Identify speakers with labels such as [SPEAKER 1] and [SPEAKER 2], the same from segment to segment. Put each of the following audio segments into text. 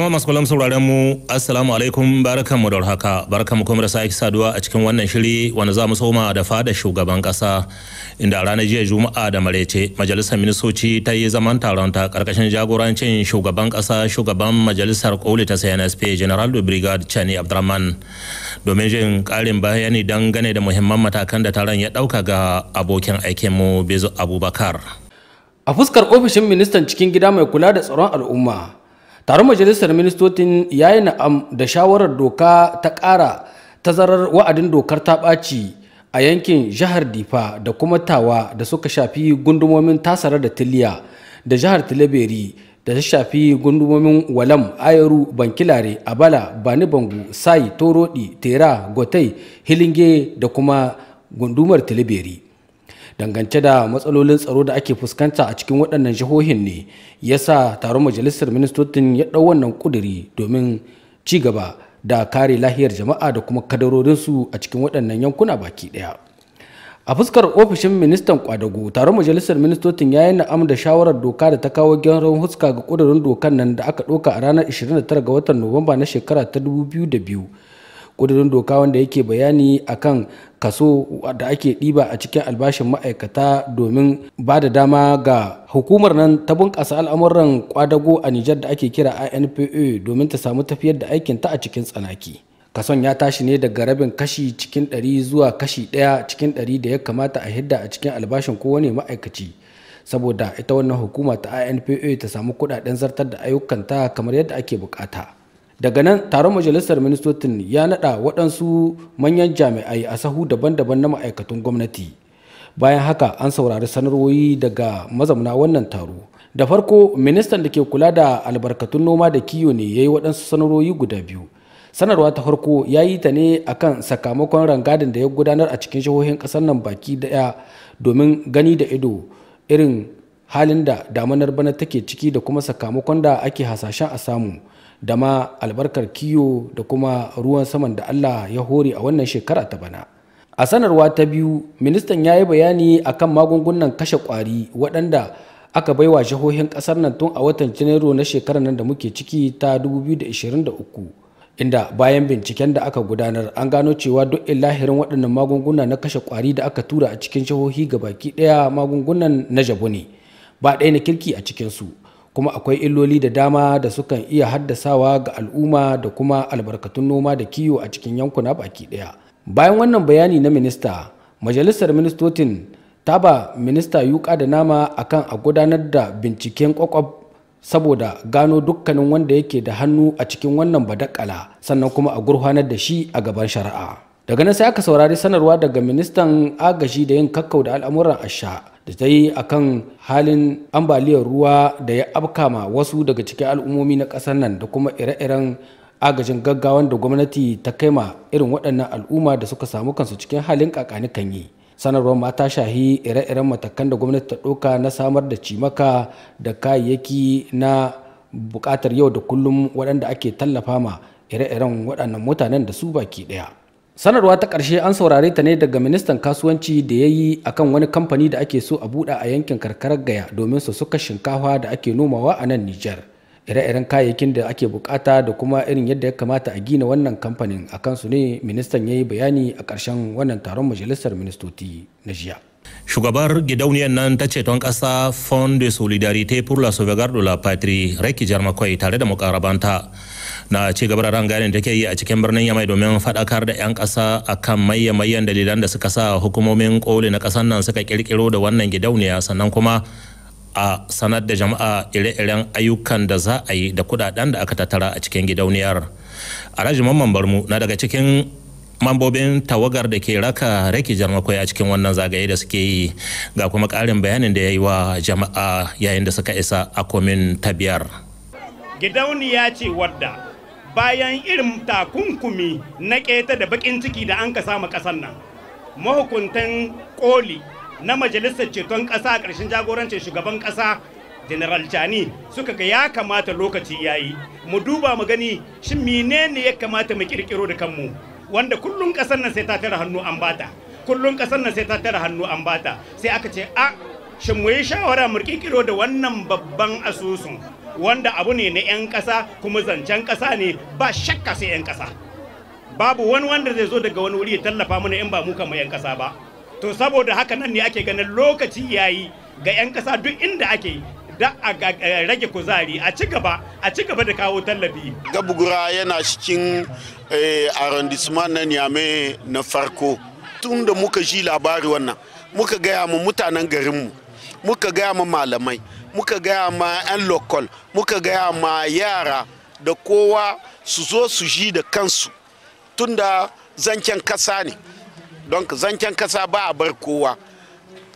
[SPEAKER 1] Jama'a masu kwallon sauraron mu Assalamu alaikum mu da haka barkanmu kuma da sake saduwa a cikin wannan shiri wanda za mu soma da fada shugaban kasa inda ranar jiya Juma'a da marece majalisar ministoci ta yi zaman taron ta karkashin jagorancin shugaban kasa shugaban majalisar koli ta CNSP General da Brigade Chani Abdurrahman domin jin karin bayani dangane da muhimman matakan da taron ya dauka ga abokin aikinmu bezu Abubakar.
[SPEAKER 2] A fuskar ofishin ministan cikin gida mai kula da tsaron al'umma taron majalisar ministocin ya yi na'am da shawarar doka ta ƙara tazarar wa'adin dokar ta ɓaci a yankin jihar difa da kuma tawa da suka shafi gundumomin tasara da tiliya da jihar tileberi da ta shafi gundumomin walam ayaru bankilare abala bani bangu sai torodi tera gotai hilinge da kuma gundumar tileberi dangance da matsalolin tsaro da ake fuskanta a cikin waɗannan jihohin ne ya sa taron majalisar ministocin ya ɗau wannan ƙuduri domin ci gaba da kare lahiyar jama'a da kuma kadarorinsu a cikin waɗannan yankuna baki ɗaya a fuskar ofishin ministan kwadago taron majalisar ministocin ya yi na'am da shawarar doka da ta kawo gyaran huska ga ƙudurin dokan nan da aka ɗauka a ranar 29 ga watan nuwamba na shekara ta 2002 ƙudurin doka wanda yake bayani akan kaso da ake ɗiba a cikin albashin ma'aikata domin ba da dama ga hukumar nan ta bunƙasa al'amuran kwadago a Nijar da ake kira INPA domin ta samu tafiyar da aikinta a cikin tsanaki. Kason ya tashi ne daga rabin kashi cikin ɗari zuwa kashi ɗaya cikin ɗari da ya kamata a hidda a cikin albashin kowane ma'aikaci. Saboda ita wannan hukuma ta INPA ta samu kuɗaɗen zartar da ayyukanta kamar yadda ake bukata. daga nan taron majalisar ministocin ya nada waɗansu manyan jami'ai a sahu daban-daban na ma'aikatan gwamnati bayan haka an saurari sanarwoyi daga mazauna wannan taro da farko ministan da ke kula da albarkatun noma da kiyo ne ya yi waɗansu sanarwoyi guda biyu sanarwa ta farko ya yi ta ne a kan sakamakon rangadin da ya gudanar a cikin jihohin ƙasar nan baki daya domin gani da ido irin halin da damanar bana take ciki da kuma sakamakon da ake hasashen a samu da ma albarkar kiyo da kuma ruwan saman da Allah ya hore a wannan shekara ta bana. A sanarwa ta biyu, ministan ya yi bayani a kan magungunan kashe kwari waɗanda aka baiwa jihohin ƙasar nan tun a watan Janairu na shekarar nan da muke ciki ta 2023. Inda bayan binciken da aka gudanar an gano cewa duk lahirin waɗannan magunguna na kashe kwari da aka tura a cikin jihohi baki ɗaya magungunan na jabu ne, ba ɗaya na kirki a cikinsu. kuma akwai illoli da dama da sukan iya haddasawa ga al'umma da kuma albarkatun noma da kiwo a cikin yankuna baki ɗaya bayan wannan bayani na minista majalisar ministocin ta ba minista yuka da nama akan a gudanar da binciken kwakwab saboda gano dukkanin wanda yake da hannu a cikin wannan badakala sannan kuma a gurfanar da shi a gaban shari'a. daga nan sai aka saurari sanarwa daga ministan agaji da yin kakkau da al'amuran asha da ta yi a kan halin ambaliyar ruwa da ya afkama wasu daga cikin al'ummomi na ƙasar nan da kuma ire-iren agajin gaggawan da gwamnati ta kai ma irin waɗannan al'umma da suka samu kansu cikin halin kakani kan yi sanarwar ma ta shahi ire-iren matakan da gwamnati ta ɗauka na samar da cimaka da kayayyaki na buƙatar yau da kullum waɗanda ake tallafa ma ire-iren waɗannan mutanen da su baki ɗaya sanarwa ta ƙarshe an saurare ta ne daga ministan kasuwanci da ya yi a kan wani kamfani da ake so a buɗe a yankin karkarar gaya domin su suka shinkafa da ake nomawa a nan nijar ire-iren kayayyakin da ake bukata da kuma irin yadda ya kamata a gina wannan kamfanin a kansu ne ministan ya yi bayani a karshen wannan taron majalisar ministoci
[SPEAKER 1] na jiya shugabar gidauniyar nan ta ceton ƙasa fond de solidarite pour la sauvegarde de la patrie reki jarmakwai tare da mukarabanta na ci gaba da rangadin da ke yi a cikin birnin Yamai domin faɗakar da 'yan ƙasa akan maye mayyan dalilan da suka sa hukumomin koli na kasan nan suka kirkiro da wannan gidauniya sannan kuma a sanar da jama'a ire-iren ayyukan da za a yi da kudaden da aka tattara a cikin gidauniyar. a Mamman Barmu na daga cikin mambobin tawagar da ke raka raki jarmakwai a cikin wannan zagaye da suke yi ga kuma karin bayanin da ya yi wa jama'a yayin da suka isa a komin ta biyar.
[SPEAKER 3] Gidauniya ce wadda bayan irin takunkumi na keta da bakin ciki da an ka samu ƙasar nan mahukuntan koli na majalisar ceton ƙasa a ƙarshen jagorancin shugaban ƙasa general chani suka ga ya kamata lokaci ya yi mu duba mu gani shi menene ya kamata mu kirkiro da kanmu wanda kullum ƙasar nan sai ta tara hannu an bata kullum ƙasar nan sai ta tara hannu an bata sai aka ce a shin mu yi shawara mu kirkiro da wannan babban asusun wanda abu ne na 'yan ƙasa kuma zancen ƙasa ne ba shakka sai 'yan ƙasa babu wani wanda zai zo daga wani wuri ya tallafa mana in ba mu kama 'yan ƙasa ba to saboda haka nan ne ake ganin lokaci yayi ga 'yan ƙasa duk inda ake da a rage kuzari a ci gaba a ci gaba da kawo
[SPEAKER 4] tallafi gabugura yana cikin eh, arrondissement na niamey na farko tun da muka ji labari wannan muka gaya mu mutanen garinmu muka gaya ma malamai muka gaya ma 'yan lokal muka gaya ma yara da kowa su zo su ji da kansu tunda zancen kasa ne don zancen kasa ba a bar kowa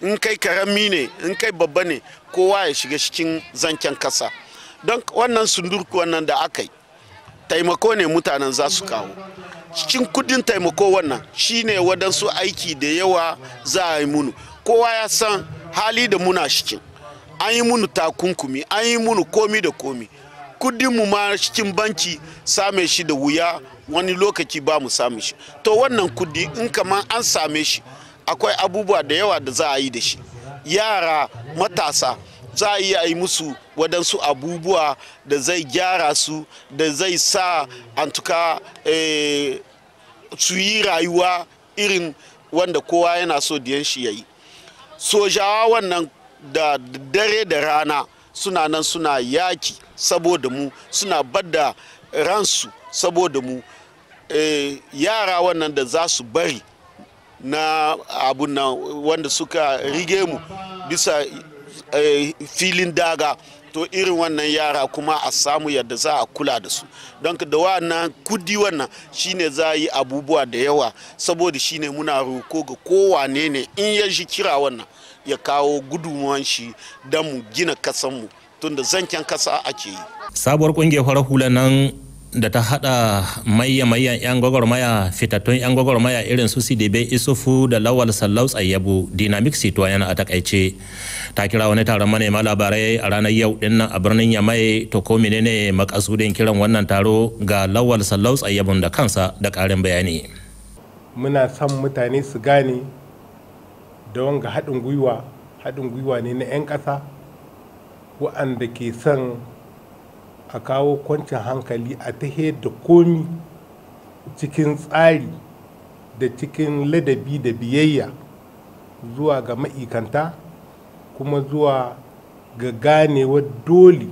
[SPEAKER 4] in kai karami ne in kai babba ne kowa ya shiga cikin zancen kasa don wannan sundurku wannan da aka yi taimako ne mutanen za su kawo cikin kudin taimako wannan shine wadansu aiki da yawa za a yi munu kowa ya san hali da muna cikin an yi munu takunkumi an yi munu komi da komi kudin mu ma cikin banki same shi da wuya wani lokaci ba mu same shi to wannan kudi in kamar an same shi akwai abubuwa da yawa da za a yi da shi yara matasa za a iya yi musu waɗansu abubuwa da zai gyara su da zai sa antuka e, su yi rayuwa irin wanda kowa yana so diyan shi ya yi sojawa wannan da dare da rana suna nan suna yaki saboda mu suna bada ransu saboda mu e, yara wannan da za su bari na abu nan wanda suka rige mu bisa e, filin daga to irin wannan yara kuma a samu yadda za a kula da su don da wannan kudi wannan shine za a yi abubuwa da yawa saboda shine muna roko ga kowane ne in ya shi kira wannan ya kawo gudunmuwan shi don mu gina kasanmu tunda zancen kasa ake yi
[SPEAKER 1] sabuwar kungiyar farar hula nan da ta hada mayya mayya yan gwagwarmaya fitattun yan gwagwarmaya irin su sidibe isufu da lawal sallau tsayyabu dynamic citoyen a takaice ta kira wani taron manema labarai a ranar yau din a birnin yamai to ko menene makasudin kiran wannan taro ga lawal sallau tsayyabun da kansa da karin bayani
[SPEAKER 5] muna son mutane su gane da wanga haɗin gwiwa haɗin gwiwa ne na 'yan ƙasa wa'anda ke son a kawo kwancin hankali a ta da komi cikin tsari da cikin ladabi da biyayya zuwa ga ma'ikanta kuma zuwa ga ganewa dole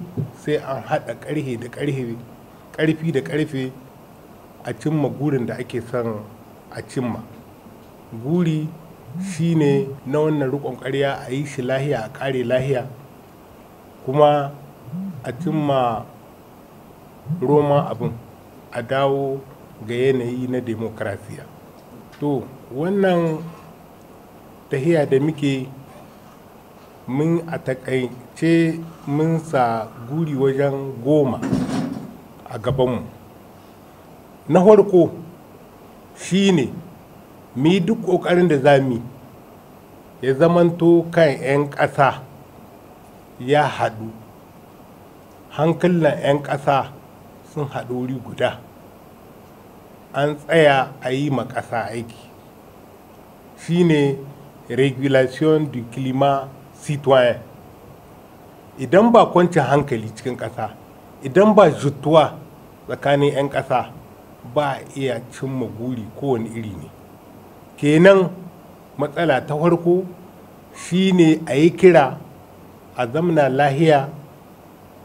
[SPEAKER 5] sai an haɗa ƙarhe da ƙarfi da ƙarfe a cimma gurin da ake son a cimma guri Shi ne na wannan rukun ƙarya a yi shi lahiya a ƙare lahiya kuma a cimma roma abin a dawo ga yanayi na demokrasiya to wannan tahiya da muke mun a takaice mun sa guri wajen goma a gabanmu na farko ne. mu yi duk ƙoƙarin da za mu ya zamanto kan 'yan ƙasa ya haɗu hankalin 'yan ƙasa sun haɗu wuri guda an tsaya a yi ma ƙasa aiki ne regulation du climat citoyen idan ba kwancin hankali cikin ƙasa idan ba jutuwa tsakanin 'yan ƙasa ba iya cimma guri kowane iri ne kenan matsala ta farko shine a yi kira a zamna lahiya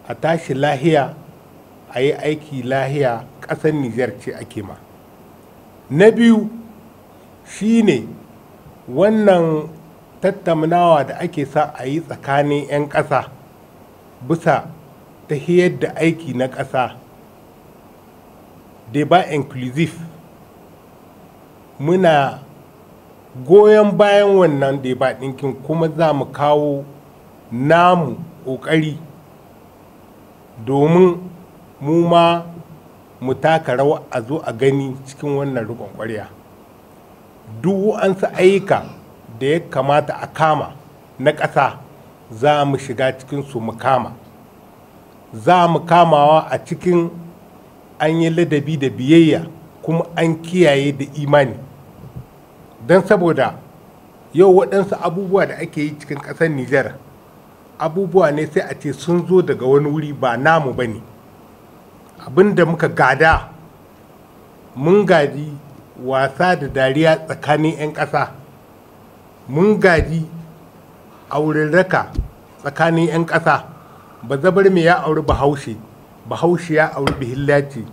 [SPEAKER 5] a tashi lahiya a yi aiki lahiya ƙasar nijar ce ake ma na biyu shine wannan tattaunawa da ake sa a yi tsakanin 'yan ƙasa bisa ta da aiki na ƙasa da ba inclusive muna goyon bayan wannan da ba ɗinkin kuma za mu kawo namu ƙoƙari domin mu ma mu taka rawa a zo a gani cikin wannan rikon ƙwarya duk an sa ayyuka da ya kamata a kama na ƙasa za mu shiga cikin su mu kama za mu kamawa a cikin an yi ladabi da biyayya kuma an kiyaye da imani don saboda yau waɗansu abubuwa da ake yi cikin ƙasar nijar abubuwa ne sai a ce sun zo daga wani wuri ba namu ba ne abin da muka gada mun gaji wasa da dariya tsakanin 'yan ƙasa mun gaji aurarraka tsakanin 'yan ƙasa ba zabar ya auri bahaushe bahaushe ya auri bihillaci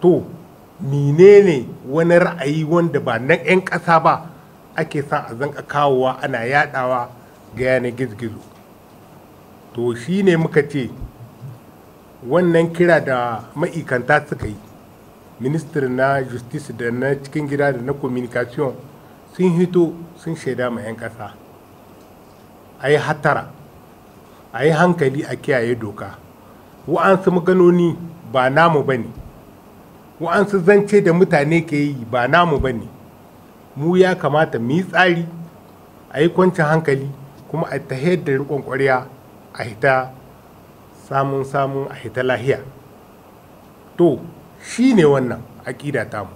[SPEAKER 5] to menene wani ra'ayi wanda ba na 'yan ƙasa ba ake son a zanka kawowa ana yadawa ga yanar gizgizo? to shi ne muka ce wannan kira da ma'ikanta suka yi Ministir na justice da na cikin gida da na communication sun hito sun shaida ma 'yan ƙasa a yi hatara a yi hankali a kiyaye doka wa'ansu maganoni ba namu ba ne wa'ansu zance da mutane ke yi ba namu ba ne mu ya kamata mu yi tsari a yi kwancin hankali kuma a ta da riƙon ƙwarya a hita samun samun a hita lahiya to shi ne wannan aƙida tamu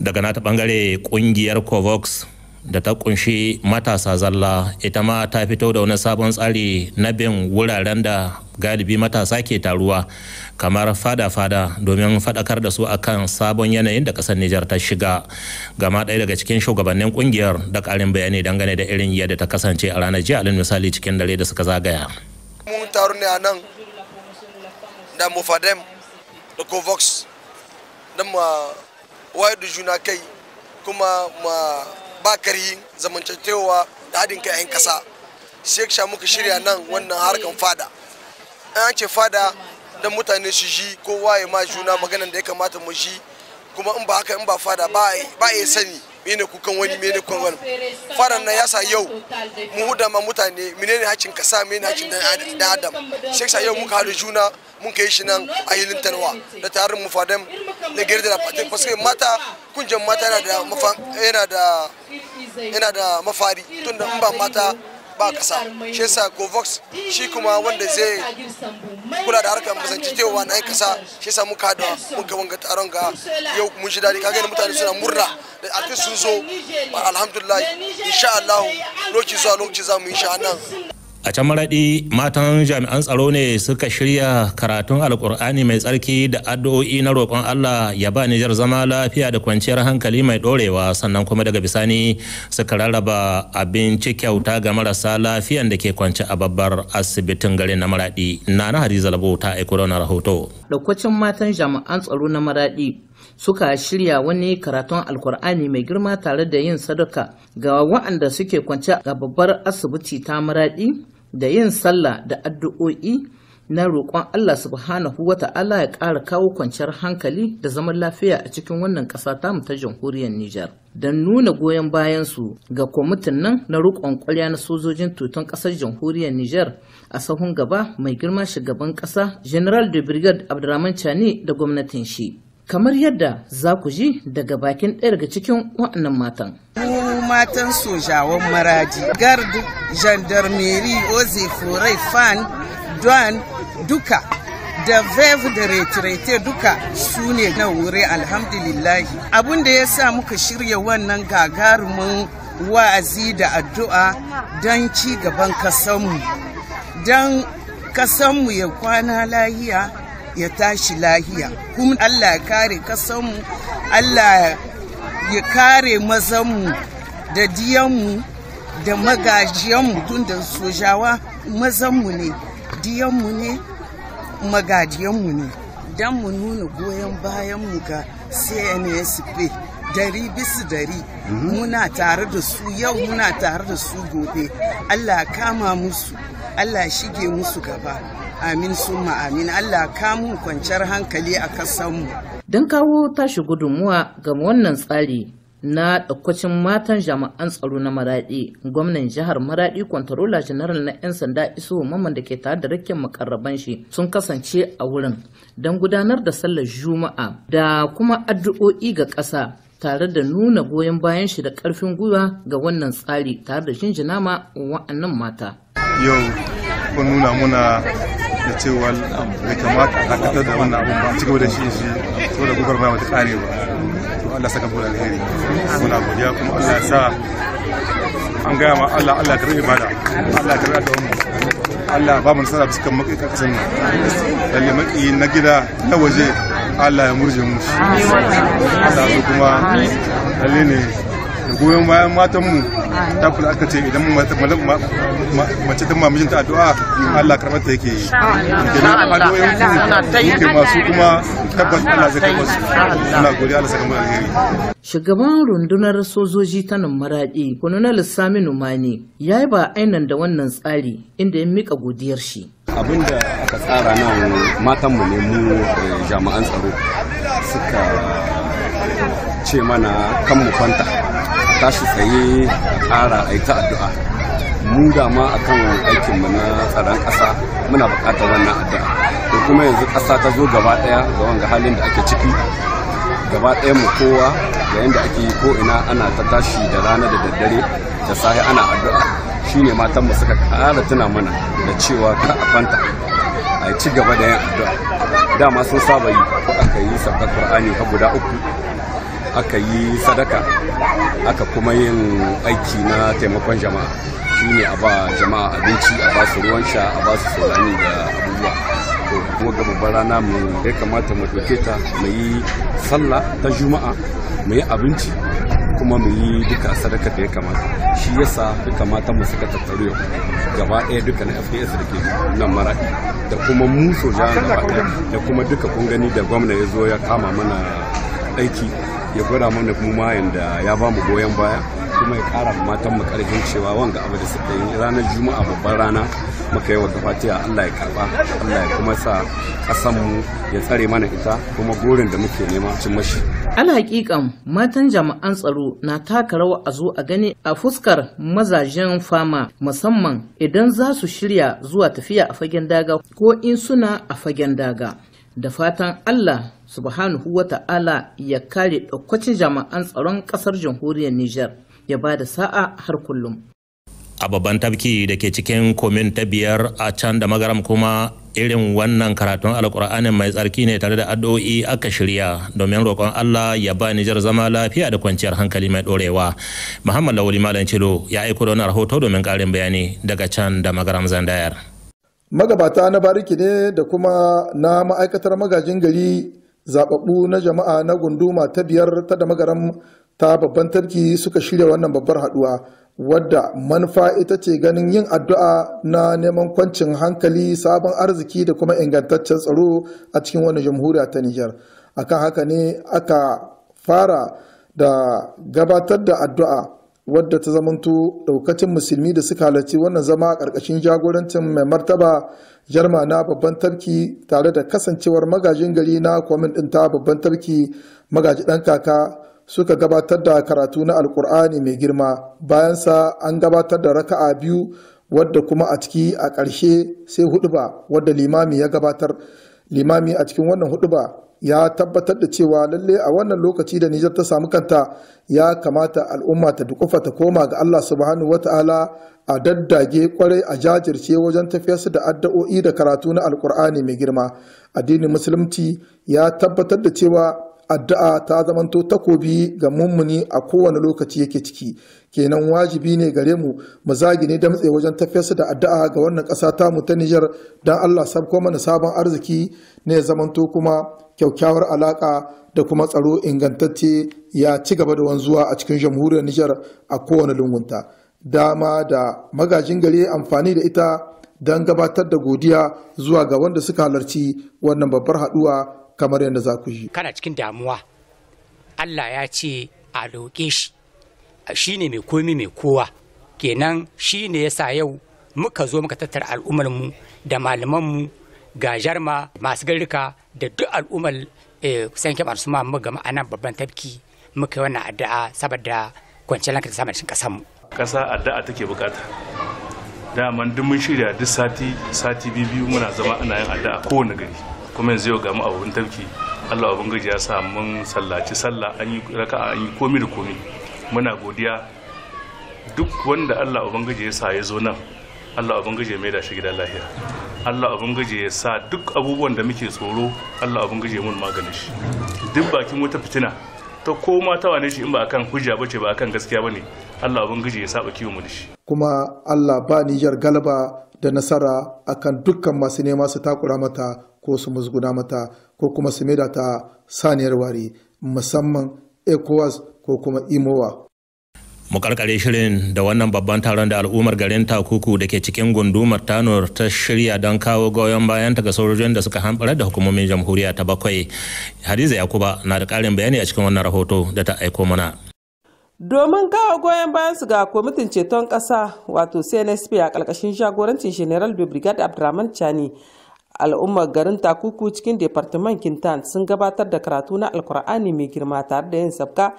[SPEAKER 1] daga na ta bangare ƙungiyar covox da ta kunshi matasa zalla ita ma ta fito da wani sabon tsari na bin wuraren da galibi matasa ke taruwa kamar fada-fada domin fadakar da su akan sabon yanayin da kasar Nijar ta shiga gama ɗaya daga cikin shugabannin kungiyar da ƙarin bayani dangane da irin yadda ta kasance a ranar jiya alin misali cikin dare da suka zagaya.
[SPEAKER 6] Mun taru ne kai kuma ma bakari zamantakewa da haɗin kai 'yan ƙasa sai sha muka shirya nan wannan harkan fada an ce fada don mutane su ji kowa ya ma juna maganan da ya kamata mu ji kuma in ba haka in ba fada ba a sani mene kukan wani mene kukan wani
[SPEAKER 7] faran nan yasa yau mu huda
[SPEAKER 6] ma mutane menene hacin kasa menene hacin dan adam shek yasa yau muka hadu juna mun kai shi nan a hilin tarwa da tarin mu fadam da girda da fatin paske mata kunjan mata yana da yana da yana da mafari tunda in ba mata ba kasa shi yasa govox shi kuma wanda zai kula da harkar mazantakewa na kasa shi yasa muka hada muka wanga taron ga yau mun shi dadi kaga mutane suna murna da artist sun zo alhamdulillah insha Allah lokaci zuwa lokaci za mu yi sha'anan
[SPEAKER 1] a can maraɗi matan jami'an tsaro ne suka shirya karatun alkur'ani mai tsarki da addu'o'i na roƙon allah ya ba nijar zama lafiya da kwanciyar hankali mai ɗorewa sannan kuma daga bisani suka rarraba abinci kyauta ga marasa lafiyan da ke kwanci a babbar asibitin garin na maraɗi na hadiza labo ta aiko da rahoto
[SPEAKER 7] lokacin matan jami'an tsaro na maraɗi suka shirya wani karatun alkur'ani mai girma tare da yin sadaka ga waɗanda suke kwanci a babbar asibiti ta maraɗi da yin sallah da addu'o'i na roƙon Allah subhanahu wa ta'ala ya ƙara kawo kwanciyar hankali da zaman lafiya a cikin wannan ƙasa tamu ta jamhuriyar Nijar. Don nuna goyon bayansu ga kwamitin nan na roƙon ƙwarya na sojojin tutun ƙasar jamhuriyar Nijar a sahun gaba mai girma shugaban ƙasa General de Brigade Abdurrahman Chani da gwamnatin shi. kamar yadda za ku ji daga bakin ɗaya daga cikin waɗannan matan.
[SPEAKER 8] matan sojawan maraji gardu Oze, furai, fan don duka da vev da Retirete, duka su ne na wuri alhamdulillahi Abun da ya sa muka shirya wannan gagarumin wa'azi da addu'a don ci gaban kasanmu don kasanmu ya kwana lahiya ya tashi lahiya kuma Allah ya kare kasanmu Allah ya kare mazanmu da diyanmu da magajiyanmu tun da sojawa mazanmu ne diyanmu ne magajiyanmu ne don mu nuna goyon bayanmu ga cnsp dari bisu dari mhm. muna tare da su yau muna tare da su gobe allah kama musu allah shige musu gaba amin sun amin Allah kamun kwanciyar hankali a kasanmu.
[SPEAKER 7] Don kawo tashi gudunmuwa ga wannan tsari na ɗaukacin matan jami'an tsaro na maraɗi gwamnan jihar maraɗi kwantarola janaral na 'yan sanda iso maman da ke tare da rikin makarraban shi sun kasance a wurin don gudanar da sallar juma'a da kuma addu'o'i ga ƙasa tare da nuna goyon bayan shi da ƙarfin gwiwa ga wannan tsari tare da jinjina ma wa'annan mata
[SPEAKER 3] yau kun nuna muna da cewa bai kamata a dakatar da wannan abun ba a cigaba da shi shi saboda gubar ba ta kare ba to Allah saka mu alheri muna godiya kuma Allah ya sa an gaya ma Allah Allah karbi ibada Allah karbi addu'a mu Allah ba mu nasara
[SPEAKER 5] bisa kan maki kasan
[SPEAKER 3] mu lalle maki na gida na waje Allah ya murje mu Allah kuma lalle ne
[SPEAKER 5] da goyon bayan matanmu ta kula aka ce idan mace ta mamijin ta addu'a Allah karɓar ta yake yi
[SPEAKER 8] kenan addu'o'in ku yake masu
[SPEAKER 7] kuma tabbas Allah zai kai
[SPEAKER 9] su Allah godiya Allah sakamakon alheri
[SPEAKER 7] shugaban rundunar sojoji ta maraɗi kwanunan lissami numani ya yi ba ainan da wannan tsari inda ya mika godiyar shi abin da
[SPEAKER 3] aka tsara nan matanmu ne mu eh, jama'an tsaro suka ce mana kan mu kwanta tashi tsaye a ƙara a ta addu'a mu da ma akan aikin mu na tsaron ƙasa muna buƙatar wannan addu'a to kuma yanzu ƙasa ta zo gaba ɗaya ga wanga halin da ake ciki gaba ɗaya mu kowa ga yanda ake yi ko ina ana ta tashi da rana da daddare da sahi ana addu'a shine matan mu suka ƙara tuna mana da cewa ka a fanta a ci gaba da yin addu'a dama sun saba yi ko aka yi sabta qur'ani ka guda uku aka yi sadaka aka kuma yin aiki na taimakon jama'a shi ne a ba jama'a abinci a ba su ruwan sha a ba su saurani da abubuwa to kuma ga babbar rana mu ya kamata mu ɗauke ta mu yi sallah ta juma'a mu yi abinci kuma mu yi duka sadaka da ya kamata shi yasa duka mata mu suka tattaru yau gaba ɗaya duka na fps da ke nan mara da kuma mu soja da kuma duka kun gani da gwamna ya zo ya kama mana aiki ya gwada mana kuma ma ya ba mu goyon baya kuma ya kara matan mu karfin cewa wanga abu da suka yi ranar juma'a babban rana muka yi wa fatiha Allah ya karba Allah ya kuma sa kasan mu ya tsare mana ita kuma gorin da muke nema cin mashi
[SPEAKER 7] alhakikan matan jami'an tsaro na taka rawa a zo a gani a fuskar mazajen fama musamman idan za su shirya zuwa tafiya a fagen daga ko in suna a fagen daga da fatan Allah subhanahu wa ta'ala ya kare ɗaukacin jami'an tsaron ƙasar jamhuriyar Nijar ya ba da sa'a har kullum.
[SPEAKER 1] A babban tafki da ke cikin komin ta biyar a can da magaram kuma irin wannan karatun alkur'anin mai tsarki ne tare da addu'o'i aka shirya domin roƙon Allah ya ba Nijar zama lafiya da kwanciyar hankali mai ɗorewa. Muhammad Lawali Malam Cilo ya aiko da wani rahoto domin ƙarin bayani daga can da magaram Zandayar.
[SPEAKER 9] Magabata na bariki ne da kuma na ma'aikatar magajin gari zababbu na jama'a na gunduma ta biyar ta da magaram ta babban tarki suka shirya wannan babbar haduwa wadda manufa ita ce ganin yin addu'a na neman kwancin hankali sabon arziki da kuma ingantaccen tsaro a cikin wani jamhuriya ta nijar akan haka ne aka fara da gabatar da addu'a wadda ta zamanto daukacin musulmi da suka halarci wannan zama a ƙarƙashin jagorancin mai martaba jarma na babban tarki tare da kasancewar magajin gari na kwamin ɗin ta babban tarki magaji ɗan kaka suka gabatar da karatu na alkur'ani mai girma bayan sa an gabatar da raka'a biyu wadda kuma a ciki a ƙarshe sai ba wadda limami ya gabatar limami a cikin wannan huɗuba ya tabbatar da cewa lalle a wannan lokaci da Nijar ta samu kanta ya kamata al'umma ta dukufa ta koma ga Allah subhanahu wata'ala a daddage kwarai a jajirce wajen tafiyarsu da addu'o'i da karatu na alkur'ani mai girma addinin musulunci ya tabbatar da cewa addu'a ta zamanto takobi ga mummuni a kowane lokaci yake ciki kenan wajibi ne gare mu mu zagi ne damtse wajen tafiyarsa da addu'a ga wannan ƙasa tamu ta Nijar don Allah sabko mana sabon arziki ne zamanto kuma kyakkyawar alaƙa da kuma tsaro ingantacce ya ci gaba da wanzuwa a cikin jamhuriyar Nijar a kowane lungunta. Dama da magajin gari amfani da ita don gabatar da godiya zuwa ga wanda suka halarci wannan babbar haduwa kamar yadda za ku yi.
[SPEAKER 2] Kana cikin damuwa, Allah ya ce a roƙe shi,
[SPEAKER 3] shi ne mai komi mai kowa, kenan shi ne ya sa yau muka zo muka tattara al'ummarmu da malamanmu ga jarma masu garika da duk al'ummar eh, sanke kyamar su mu gama nan babban tafki muka yi wannan addu'a saboda kwanciyar ta samun kasa mu.
[SPEAKER 5] ƙasa addu'a take bukata dama duk mun shirya duk sati sati biyu muna zama ana yin addu'a kowane gari kuma yanzu yau ga mu abun tafki Allah abin gaji ya sa mun sallaci sallah an yi raka'a an yi komi da komi muna godiya duk wanda Allah abun gaji ya sa ya zo nan Allah gaje ya da shi gidan lahiya Allah gaje ya sa duk abubuwan da muke tsoro Allah ubangiji ya mun maganin shi duk bakin wata fitina ta koma ta wane shi in ba akan hujja bace ba akan gaskiya bane Allah gaje ya saba kiwo mu da shi
[SPEAKER 9] kuma Allah ba yar galaba da nasara akan dukkan masu nema su takura mata ko su musguna mata ko kuma su da ta saniyar wari musamman ecowas ko kuma imowa
[SPEAKER 1] mu karkare shirin da wannan babban taron da al'ummar garin takuku da ke cikin gundumar tanur ta shirya don kawo goyon bayan ta ga sojojin da suka hanbara da hukumomin jamhuriya ta bakwai hadiza yakuba na da karin bayani a cikin wannan rahoto da ta aiko mana
[SPEAKER 10] domin kawo goyon bayan su ga kwamitin ceton kasa wato cnsp a karkashin jagorancin general de brigade abdurrahman chani al'ummar garin takuku cikin departement kintan sun gabatar da karatu na alkur'ani mai girma tare da yin sabka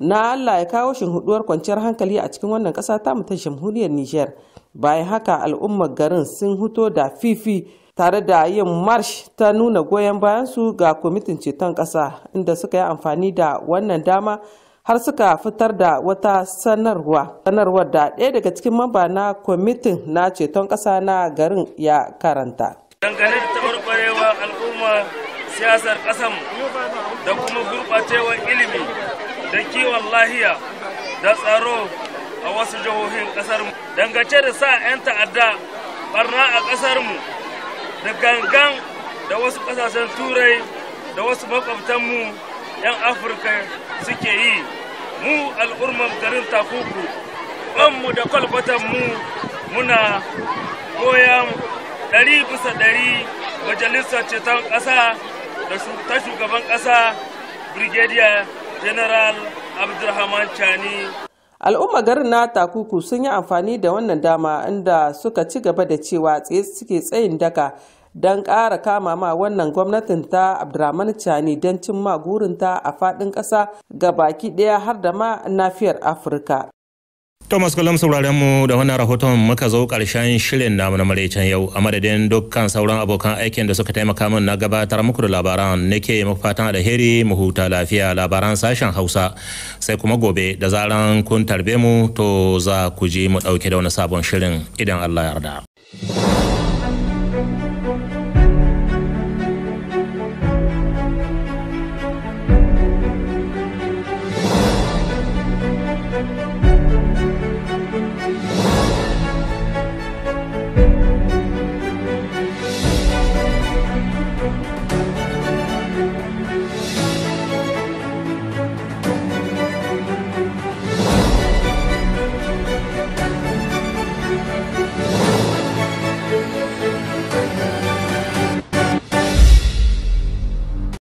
[SPEAKER 10] na Allah ya kawo shinhuduwar kwanciyar hankali a cikin wannan kasa ta mu ta jamhuriyar Nijar. Bayan haka al'ummar garin sun huto da fifi tare da yin marsh ta nuna goyon bayan su ga kwamitin ceton kasa inda suka yi amfani da wannan dama har suka fitar da wata sanarwa sanarwar da ɗaya daga cikin mamba na kwamitin na ceton kasa na garin ya karanta.
[SPEAKER 1] Dangane da al'umma siyasar
[SPEAKER 2] ƙasar da kuma gurɓacewar ilimi da kiwon lahiya da tsaro a wasu jihohin ƙasarmu dangace da sa 'yan ta'adda barna a ƙasarmu da gangan da wasu ƙasashen turai da wasu makwabtanmu 'yan afirka suke yi mu al'ummar garin takuku mu da mu, muna goyon ɗari bisa ɗari majalisar ceton ƙasa da ta shugaban ƙasa Birgediya. general abdulrahman chani
[SPEAKER 10] al'umma garin na takuku sun yi amfani da wannan dama inda suka ci gaba da cewa tsaye suke tsayin daka don ƙara kama ma wannan gwamnatin ta abdulrahman chani don cimma gurinta a faɗin ƙasa ga baki ɗaya har da ma nafiyar afirka
[SPEAKER 1] Thomas Kullum sauraren mu da wannan rahoton muka zo karshen shirin namu na maraicen yau a madadin dukkan sauran abokan aikin da suka taimaka min na gabatar muku da labaran nake muku fatan alheri mu huta lafiya labaran sashen Hausa sai kuma gobe da zaran kun tarbe mu to za ku ji mu dauke da wani sabon shirin idan Allah Ya yarda.